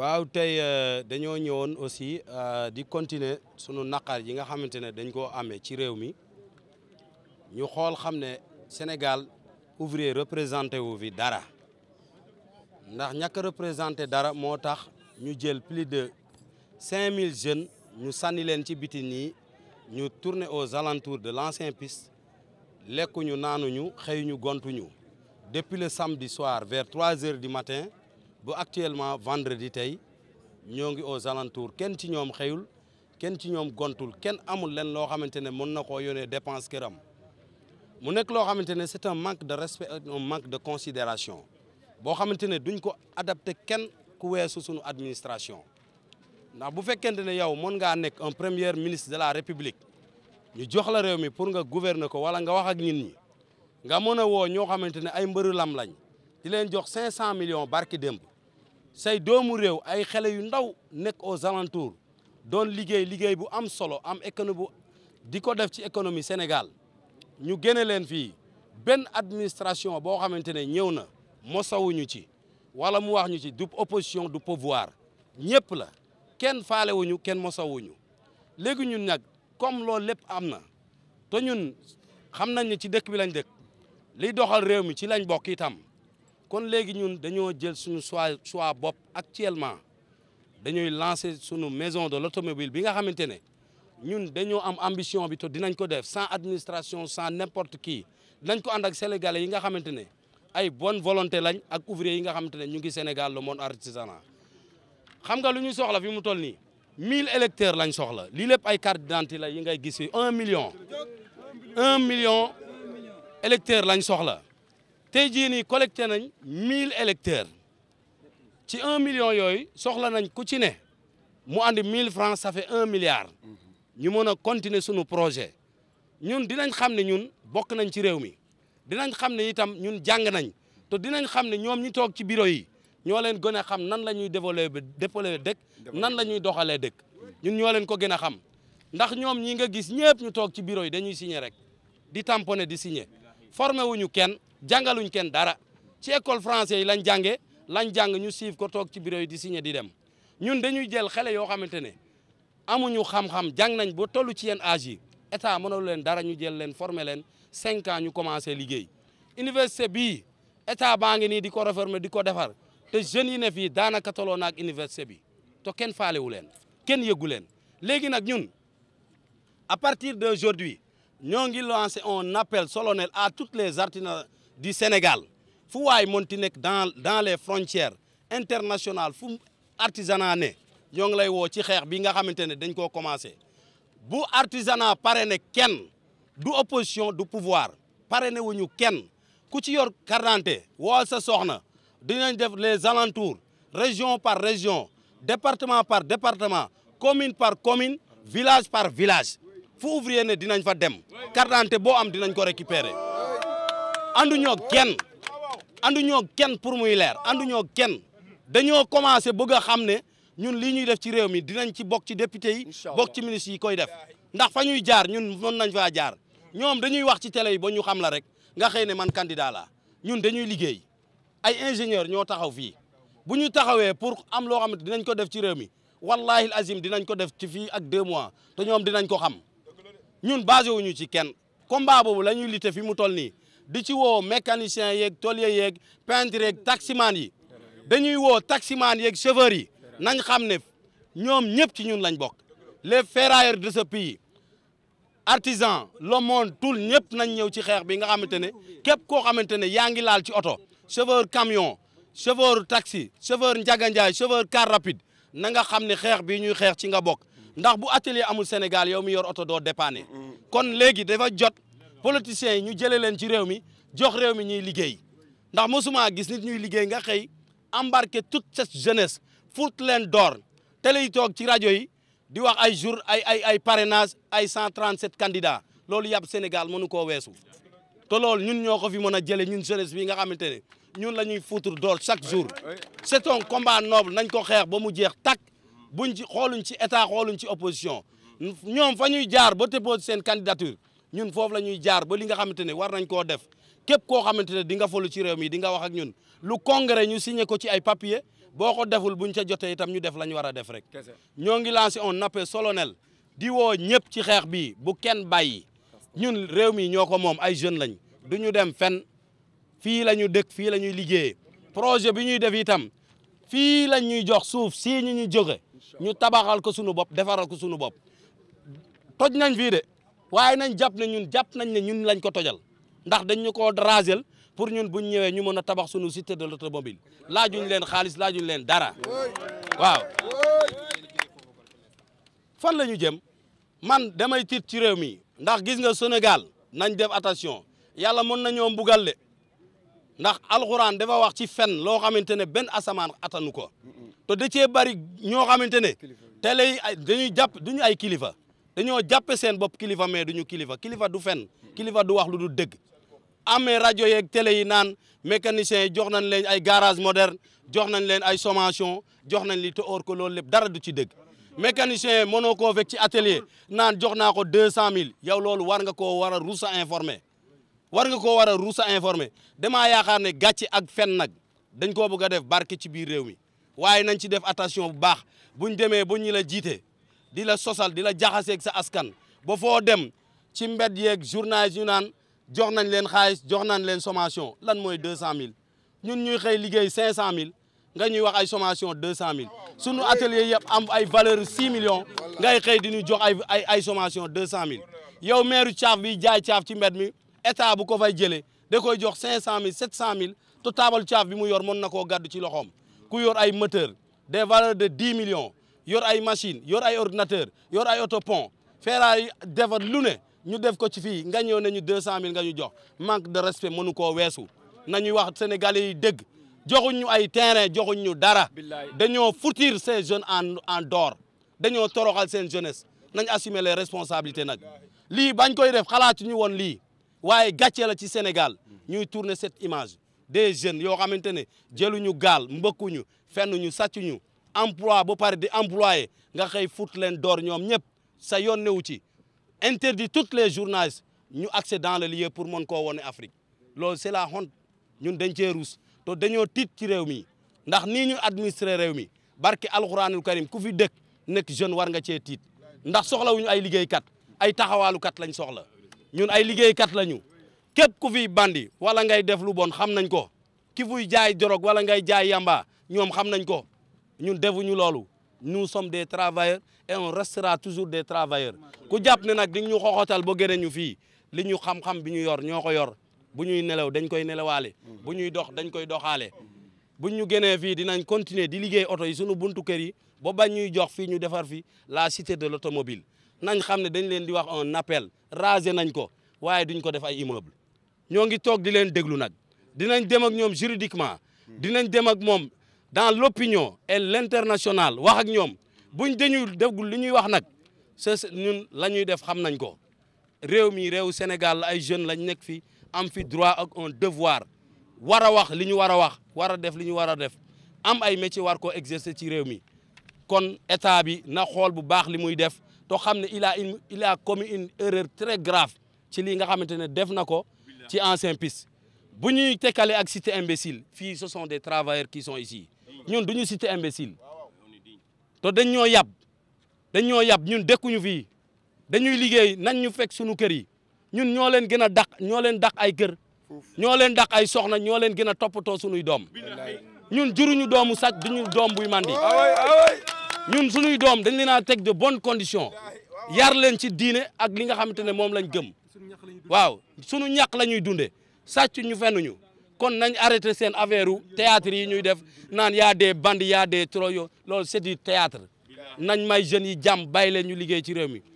waaw tey euh, dañoo ñëwoon aussi euh, di continuer sunu naqar yi nga xamante ne dañ koo amee ci réew mi ñu xool xam ne Sénégal ouvrier représenté wu fi dara ndax ñàkk représenté dara moo tax ñu jël plus de cinq mille jeunes ñu sànni leen ci bitin yi ñu tourner aux alentours de l'ancien piste lekkuñu naanuñu xëyuñu gontuñu depuis le samedi soir vers trois heures du matin bu actuellement vendredi tey ñoo ngi aux alentours kenn ci ñoom xëyul kenn ci ñoom gontul kenn amul leen loo xamante ne mën na koo yónnee dépense këram mu nekk loo xamante ne c'est un manque de respect un manque de considération boo xamante ne duñ ko adapté kenn ku weesu suñu administration ndax bu fekkente ne yow mën ngaa nekk un premier ministre de la république ñu jox la réew mi pour nga gouverner ko wala nga wax ak nit ñi nga mën a woo ñoo xamante ne ay mbëru lam lañ di leen jox 500 millions barki démb say doomu réew ay xele yu ndaw nekk aux alentours doon liggéey liggéey bu am solo am économie bu di ko def ci économie Sénégal ñu génne leen fii benn administration boo xamante ne ñëw na mosawuñu ci wala mu wax ñu ci du opposition du pouvoir ñëpp la kenn faalewuñu kenn mosawuñu léegi ñun nag comme loolu lépp am na te ñun xam nañ ne ci dëkk bi lañ dëkk liy doxal réew mi ci lañ bokk itam kon léegi ñun dañoo jël suñu choix choix bopp actuellement dañuy lancer sunu maison de l'automobile bi nga xamante ne ñun dañoo am ambition bi te dinañ ko def sans administration sans n'importe qui dinañ ko ànd ak sénégalais yi nga xamante ne ay bonne volonté lañ ak ouvrier yi nga xamante ne ñu ngi Sénégal le monde artisanat xam nga lu ñuy soxla fi mu toll nii mille électeurs lañ soxla lii ay carte d'identité la yi ngay gis fi un million un million électeurs lañ soxla te jii nii collecté nañ mille électeurs ci un million yooyu soxla nañ ku ci mu andi mille francs ça fait un milliard ñu mën a continuer suñu projet ñun dinañ xam ne ñun bokk nañ ci réew mi dinañ xam ne itam ñun jàng nañ te dinañ xam ne ñoom ñi toog ci bureau yi ñoo leen gën a xam nan la ñuy développer développer dëkk nan la ñuy doxalee dëkk ñun ñoo leen ko gën a xam ndax ñoom ñi nga gis ñëpp ñu toog ci bureau yi dañuy signer rek di tamponner di signer wu ñu kenn jàngaluñ kenn dara ci école français yi lañ jàngee lañ jàng ñu suivre ko toog ci bureau yi di signer di dem ñun dañuy jël xale yoo xamante ne amuñu xam-xam jàng nañ ba toll ci yenn âge yi état mënalu leen dara ñu jël leen former leen cinq ans ñu commencé liggéey université bii état baa ngi nii di ko réformer di ko defar te jeunes yi ne fii daanaka toloo na ak université bi to kenn faalewu leen kenn yëgu leen léegi nag ñun à partir d'aujourd'hui ñoo ngi lancé un appel solennel à toutes les artisans du Sénégal fu waay mënti nekk dans dans les frontières international fu artisanat ne ñoo ngi lay woo ci xeex bi nga xamante ne dañ koo commencé bu artisanat pare ne kenn du opposition du pouvoir pare ne ñu kenn ku ci yor carte d'identité woo sa soxna dinañ def les alentours région par région département par département commune par commune village par village fu ouvrier ne dinañ fa dem carte d'identité boo am dinañ ko récupérer anduñoo kenn anduñoo kenn pour muy leer anduñoo kenn dañoo commencé bëgg a xam ne ñun lii ñuy def ci réew mi dinañ ci bokk ci député yi bokk ci ministre yi koy def ndax fa ñuy jaar ñun mën nañ faa jaar ñoom dañuy wax ci tele yi ba ñu xam la rek nga xëy ne man candidat la ñun dañuy liggéey ay ingénieur ñoo taxaw fii bu ñu taxawee pour am loo xam ne dinañ ko def ci réew mi wallahi azim dinañ ko def ci fii ak deux mois te ñoom dinañ ko xam ñun basé ñu ci kenn combat boobu la ñuy lutter fi mu toll nii di ci woo mécanicien yeeg tôlier yeeg peintre yeeg taximan yi dañuy woo taximan yeeg chauffeur yi nañ xam ne ñoom ñëpp ci ñun lañ bokk les ferrailleurs de ce yi artisans le monde tout ñëpp nañ ñëw ci xeex bi nga xamante ne képp koo xamante ne yaa ngi laal ci oto chauffeur camion chauffeur taxi chauffeur njaganjaay chauffeur car rapide na nga xam ne xeex bii ñuy xeex ci nga bokk ndax bu atelier amul Sénégal yow mi yor oto doo dépanner kon léegi dafa jot politiciens yi ñu jëlee leen ci réew mi jox réew mi ñuy liggéey ndax mosuma gis nit ñuy liggéey nga xëy embarquer toute cette jeunesse fut leen door télé yi toog ci rajo yi di wax ay jour ay ay ay parrainage ay 137 candidats loolu yàpp Sénégal mënu koo weesu te ñun ñoo ko fi mën a jëlee ñun jeunesse bi nga xamante ne ñun la ñuy foutre door chaque jour c'est un combat noble nañ ko xeex ba mu jeex tak buñ ci xooluñ ci état xooluñ ci opposition ñoom fa ñuy jaar ba déposé seen candidature ñun foofu la ñuy jaar ba li nga xamante ne war nañ koo def képp koo xamante ne di nga falu ci réew mi dinga nga ak ñun lu congrès ñu signé ko ci ay papier boo ko deful buñ ca jotee itam ñu def la ñu war a def rek ñoo ngi lancé un appel solennel di woo ñëpp ci xeex bi bu kenn bàyyi ñun réew mi ñoo ko moom ay jeunes lañ du ñu dem fenn fii lañu ñu fii la ñuy liggéeyee projet bi ñuy def itam fii la ñuy jox suuf sii ñu ñu jóge ñu tabaxal ko sunu bopp defaral ko sunu bopp toj nañ fii de waaye nañ jàpp nañ ñun jàpp nañ ne ñun lañ ko tojal ndax dañ ñu koo dragel pour ñun buñ ñëwee ñu mën a tabax sunu cité de l'automobile laajuñ leen xaalis laajuñ leen dara waaw fan la ñu jëm man damay tit ci réew mi ndax gis nga Sénégal nañ def attention yàlla mën na ñoo mbugal de ndax alxuraan dafa wax ci fen loo xamante ne benn asamaan atanu ko te da cee bari ñoo xamante ne télé yi ay dañuy jàpp duñu ay kilifa dañoo jàppe seen bopp kilifa mais ñu kilifa kilifa du fen kilifa du wax lu du dëgg amee rajo yeeg tele yi naan mécanicien yi jox nañ leen ay garage moderne jox nañ leen ay sommation jox nañ li te or ko loolu lépp dara du ci dëgg mécanicien yi mënoo koo fekk ci atelier naan jox naa ko deux cent mille yow loolu war nga koo war a rusa informé war nga koo war a ruus a informé damaa yaakaar ne gàcce ak fen nag dañ koo bëgg a def barke ci biir réew mi waaye nañ ci def attention bu baax buñ demee bu ñu la jiite di la sosal di la jaxaseeg sa askan ba foo dem ci mbedd yeeg journaliste ñu naan jox nañ leen xaalis jox nañ leen sommation lan mooy deux cent mille ñun ñuy xëy liggéey cinq cent mille nga ñuy wax ay sommation deux cent mille sunu atelier yëpp am ay valeur six millions ngay xëy di ñu jox ay ay ay sommation deux cent mille yow maire caaf bi jaay caaf ci mbed mi état bu ko fay jëlee da koy jox cinq cent mille sept cent mille te taabal caaf bi mu yor mën na koo gàddu ci loxoom ku yor ay moteur des valeurs de dix millions yor ay machine yor ay ordinateur yor ay auto pont ferraille defar lu ne ñu def ko ci fii nga ñëw nañu deux cent mille nga ñu jox manque de respect mënu koo weesu na nañuy wax sénégalais yi dégg joxuñ ñu ay terrain joxuñ ñu dara dañoo foutir ces jeunes en en dehors dañoo toroxal seen jeunesse nañ assumer les responsabilités nag lii bañ koy def xalaatuñu woon lii waaye gàcce la ci Sénégal ñuy tourner cette image des jeunes yoo xamante ne jëluñu gaal mbëkkuñu fennuñu sàccuñu emploi ba pare di employé nga xëy fut leen door ñoom ñëpp sa yoon newu ci interdit toutes les journalistes ñu accès dans le lieu pour mën koo wone Afrique loolu c'est la honte ñun dañ cee ruus te dañoo tiit ci réew mi ndax nii ñu administré réew mi barke alxuraanul karim ku fi dëkk nekk jeune war nga cee tiit ndax soxlawuñu ay liggéeykat ay taxawaalukat lañ soxla ñun ay liggéeykat lañu képp ku fi bandi wala ngay def lu bon xam nañ ko ki fuy jaay drogue wala ngay jaay yamba ñoom xam nañ ko ñun defuñu loolu ñu sommes des travailleurs et on toujours des travailleurs ku jàpp ne nag di ñu xoxotal bo gën ñu fii li ñu xam-xam bi ñu yor ñoo ko yor bu ñuy nelaw dañ koy nelawaale bu ñuy dox dañ koy doxaale bu ñu génnee fii dinañ continuer di liggéey oto yi sunu buntu kër yi ba bañ ñuy jox fii ñu defar fii la cité de l'automobile nañ xam ne dañ leen di wax un appel rasé nañ ko waaye duñ ko def ay immeuble ñoo ngi toog di leen déglu nag dinañ dem ak ñoom juridiquement dinañ dem ak moom dans l' opinion et l' international wax ak ñoom buñ dañuy déglu li ñuy wax nag sa la ñuy def xam nañ ko réew mi réew Sénégal ay jeunes lañu nekk fi am fi droit ak un devoir war a wax li ñu war a wax war a def li ñu war a def am ay métier war ko exercer ci réew mi kon état bi na xool bu baax li muy def to xam ne il a une il a commis une erreur très ci lii nga xamante ne def na ko ci ancien piste bu ñuy tekkale ak cité imbécile fii ce sont des travailleurs qui sont ici ñun du ñu cité imbécile te dañ ñoo yab dañ ñoo yab ñun dëkkuñu fii dañuy liggéey nañ ñu fekk suñu kër yi ñun ñoo leen gën a dàq ñoo leen dàq ay kër ñoo leen dàq ay soxna ñoo leen gën a toppatoo suñuy doom ñun juruñu doomu sàcc duñu doom buy mandi ñun suñuy doom dañ leen a teg de bonnes conditions yar leen ci diine ak li nga xamante ne moom lañ gëm waaw sunu ñàq la ñuy dundee sàcc ñu fenn ñu kon nañ arrêté seen affaire u théâtre yi ñuy def naan yaa des bandes yaa des troyo loolu c'est du théâtre nañ may jeunes yi jàmm bay leen ñu liggéey ci réew mi